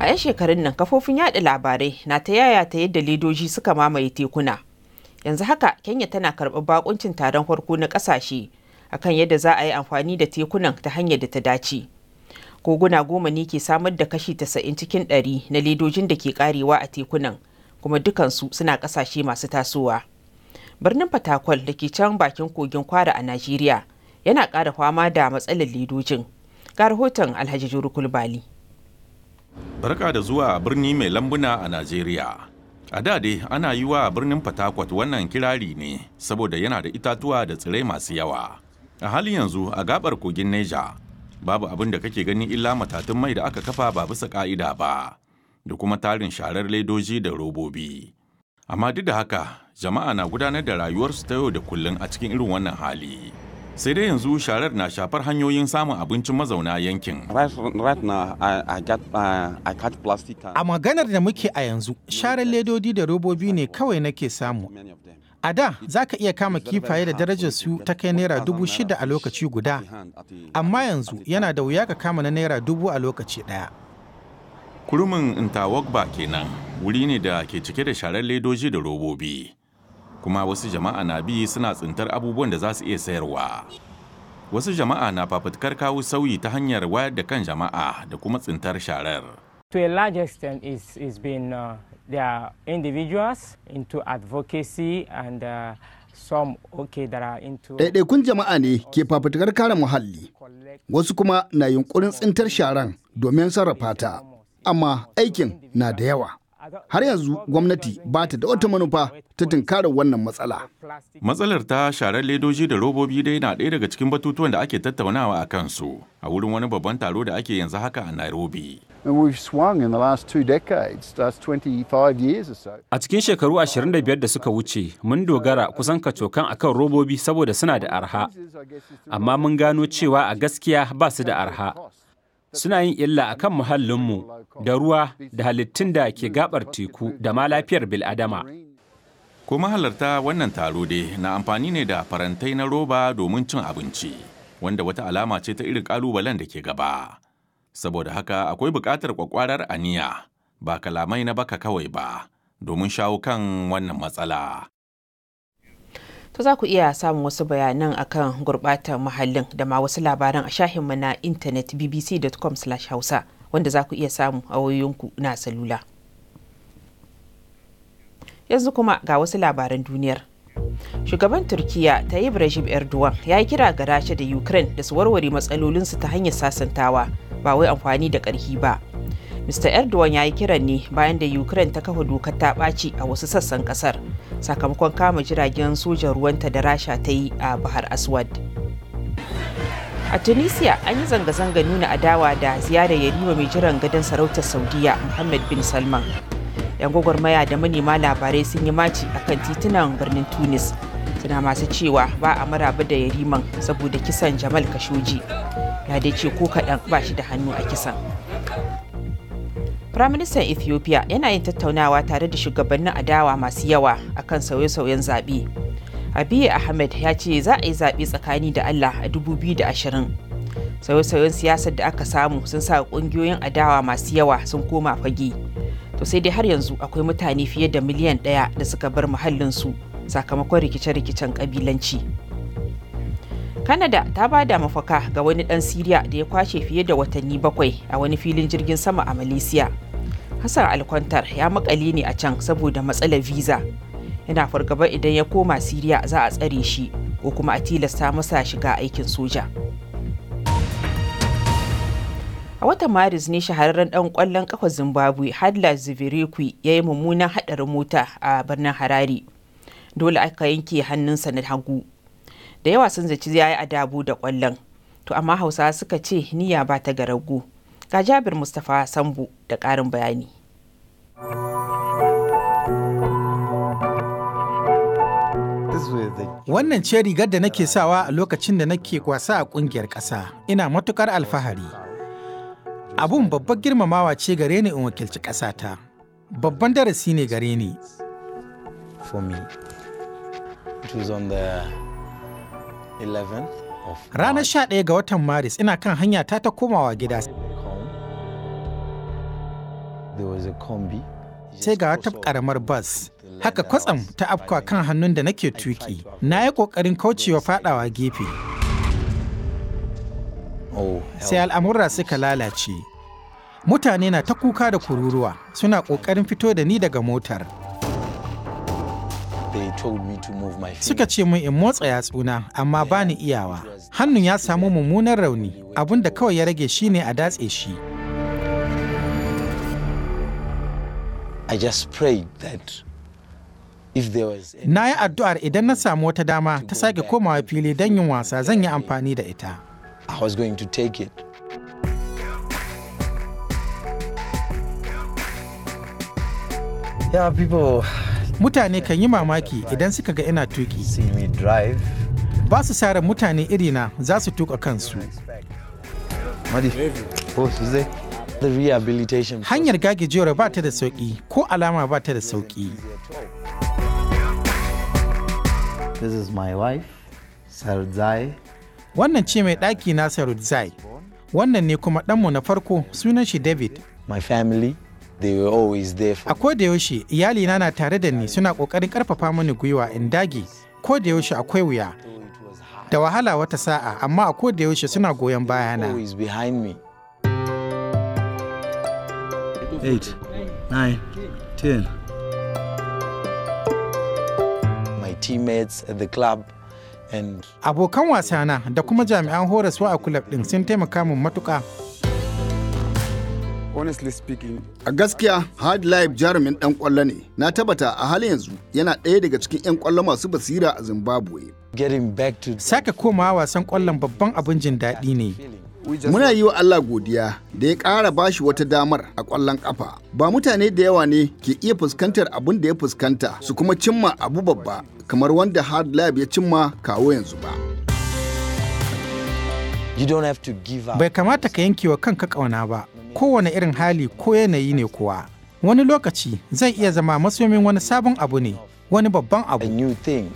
a 'yan shekarun nan kafofin yaɗa labarai na ta yaya ta yadda ledoji suka mamaye tekuna yanzu haka kenya tana karɓar bakuncin taron farko na ƙasashe akan yadda za a yi amfani da tekunan ta hanyar da ta dace koguna goma ne ke samar da kashi 90 cikin ɗari na ledojin da ke karewa a tekunan kuma dukansu suna ƙasashe masu tasowa birnin fatakwal da ke can bakin kogin kwara a najeriya yana ƙara fama da matsalar ledojin ga rahoton alhaji jurukul bali Barka da zuwa birni mai lambuna a Najeriya. A da dai ana yi wa birnin Fatakwat wannan kirari ne saboda yana da itatuwa da tsirai masu yawa. A halin yanzu a gabar kogin Neja, babu abin da kake gani illa matatun mai da aka kafa ba bisa ka'ida ba, da kuma tarin sharar ledoji da robobi. Amma duk da haka, jama'a na gudanar da rayuwarsu ta yau da kullum a cikin irin wannan hali. sai dai yanzu sharar na shafar hanyoyin samun abincin mazauna yankin. Uh, a maganar da muke a yanzu, sharar ledodi da robobi ne kawai nake samu. A da za ka iya kama kifaye da darajar su ta kai naira dubu shida a lokaci guda, amma yanzu yana da wuya ka kama na naira dubu a lokaci ɗaya. Kurumin Intawagba kenan wuri ne da ke cike da sharar ledoji da robobi. kuma wasu jama'a na bi suna tsintar abubuwan da za su iya sayarwa wasu jama'a na fafutukar kawo sauyi ta hanyar wayar da kan jama'a da kuma tsintar sharar to a large extent is, is been uh, their individuals into advocacy and uh, ɗaiɗaikun jama'a ne ke fafutukar kare muhalli wasu kuma na yunkurin tsintar sharan domin sarrafa ta amma aikin na da yawa Har yanzu gwamnati ba ta da wata manufa ta tunkarar wannan matsala. Matsalar ta sharar ledoji da robobi dai na ɗaya daga cikin batutuwan da ake tattaunawa a kansu a wurin wani babban taro da ake yanzu haka a Nairobi. A cikin shekaru 25 da suka wuce, mun dogara kusan kacokan kan robobi saboda suna da arha. Amma mun gano cewa a gaskiya ba su da arha. suna yin illa a kan muhallinmu da ruwa da halittun da ke gabar teku da ma lafiyar bil'adama. Ko mahalarta wannan taro dai na amfani ne da farantai na roba domin cin abinci, wanda wata alama ce ta irin ƙalubalen da ke gaba. Saboda haka akwai buƙatar ƙwaƙwarar aniya, ba kalamai na baka kawai ba, domin shawo kan wannan matsala. To za ku iya samun wasu bayanan akan gurbatar muhallin da ma wasu labaran a shahinmu na intanet bbc.com/hausa wanda za ku iya samu a wayoyinku na salula. Yanzu kuma ga wasu labaran duniyar. Shugaban Turkiyya Tayyip Recep Erdogan ya yi kira ga Rasha da Ukraine da su warware matsalolinsu ta hanyar sasantawa ba wai amfani da ƙarfi ba. Mr. Erdogan ya yi kiran ne bayan da Ukraine ta kafa dokar ta ɓaci a wasu sassan ƙasar sakamakon kama jiragen sojan ruwanta da Rasha ta yi a Bahar Aswad. A Tunisia an yi zanga-zanga nuna adawa da ziyarar yarima mai jiran gadon sarautar Saudiya Mohammed bin Salman. 'Yan gwagwarmaya da manema labarai sun yi maci a kan titunan birnin Tunis suna masu cewa ba a maraba da yariman saboda kisan Jamal Khashoggi. Ya dai ce ko kaɗan ba shi da hannu a kisan. Firaministan Ethiopia yana yin tattaunawa tare da shugabannin adawa masu yawa akan sauye-sauyen zaɓe. Abiy Ahmed ya ce za a yi zaɓe tsakani da Allah a 2020. Sauye-sauyen siyasar da aka samu sun sa ƙungiyoyin adawa masu yawa sun koma fage. To sai dai har yanzu akwai mutane fiye da miliyan ɗaya da suka bar muhallinsu sakamakon rikice-rikicen ƙabilanci. kanada ta ba da mafaka ga wani ɗan Siriya da ya kwashe fiye da watanni bakwai a wani filin jirgin sama a Malaysia. Hassan Alkwantar ya makale ne a can saboda matsalar visa. Yana fargaba idan ya koma Siriya za a tsare shi ko kuma a tilasta masa shiga aikin soja. A watan Maris ne shahararren dan kwallon kafa Zimbabwe Hadla Zivirekwi ya yi mummunan hadarin mota a birnin Harare. Dole aka yanke hannunsa na hagu. Da yawa sun zaci ya yi adabu da kwallon To amma Hausawa suka ce niyya ba ta rago Ga Jabir Mustapha Sambu da karin bayani. Wannan ce rigar da nake sawa a lokacin da nake kwasa a ƙungiyar ƙasa, ina matukar alfahari. Abun babbar girmamawa ce gare ni in wakilci ƙasata, babban darasi ne gare ni. Ranar 11 ga watan Maris ina kan hanya ta ta komawa gida. sai ga wata karamar bas haka kwatsam ta afkwa kan hannun da nake tuki na yi ƙoƙarin kaucewa faɗawa gefe oh, sai al'amurra suka lalace mutane na ta kuka da kururuwa suna ƙoƙarin fito da ni daga motar suka ce min in motsa yatsuna amma ba ni iyawa hannun ya samu mummunan rauni da kawai ya rage shi ne a datse shi I just prayed that Na yi addu'ar idan na samu wata dama ta sake komawa fili don yin wasa zan yi amfani da ita. I was going to take it. Yeah, people... Mutane kan yi mamaki idan suka ga ina tuki. Ba su sare mutane irina za su tuka kansu. Madi, oh, Hanyar gagejewar ba ta da sauƙi ko alama ba ta da sauƙi. This is Wannan ce mai ɗaki na Sardzai. Wannan ne kuma ɗanmu na farko sunan shi David. My family, they were always there for A koda yaushe iyalina na tare da ni suna ƙoƙarin ƙarfafa mani gwiwa in dage. Ko da yaushe akwai wuya. Da wahala wata sa'a amma a koda yaushe suna goyon bayana. eight, nine, ten. My teammates at the club and abokan wasana da kuma jami'an horaswa a kulab din sun taimaka mun matuka. honestly A gaskiya, Hard Life jarumin ɗan ƙwallo ne. Na tabbata a halin yanzu yana ɗaya daga cikin 'yan ƙwallo masu basira a Zimbabwe. Sake komawa wasan ƙwallon babban abin jin daɗi ne. Muna yi wa Allah godiya da ya ƙara ba shi wata damar a ƙwallon ƙafa. Ba mutane da yawa ne ke iya fuskantar abin da ya fuskanta su kuma cimma abu babba kamar wanda Hard Lab ya cimma kawo yanzu ba. Bai kamata ka yanke wa kanka ƙauna ba, kowane irin hali ko yanayi ne kuwa. Wani lokaci zai iya zama masomin wani sabon abu ne, wani babban abu. A new thing,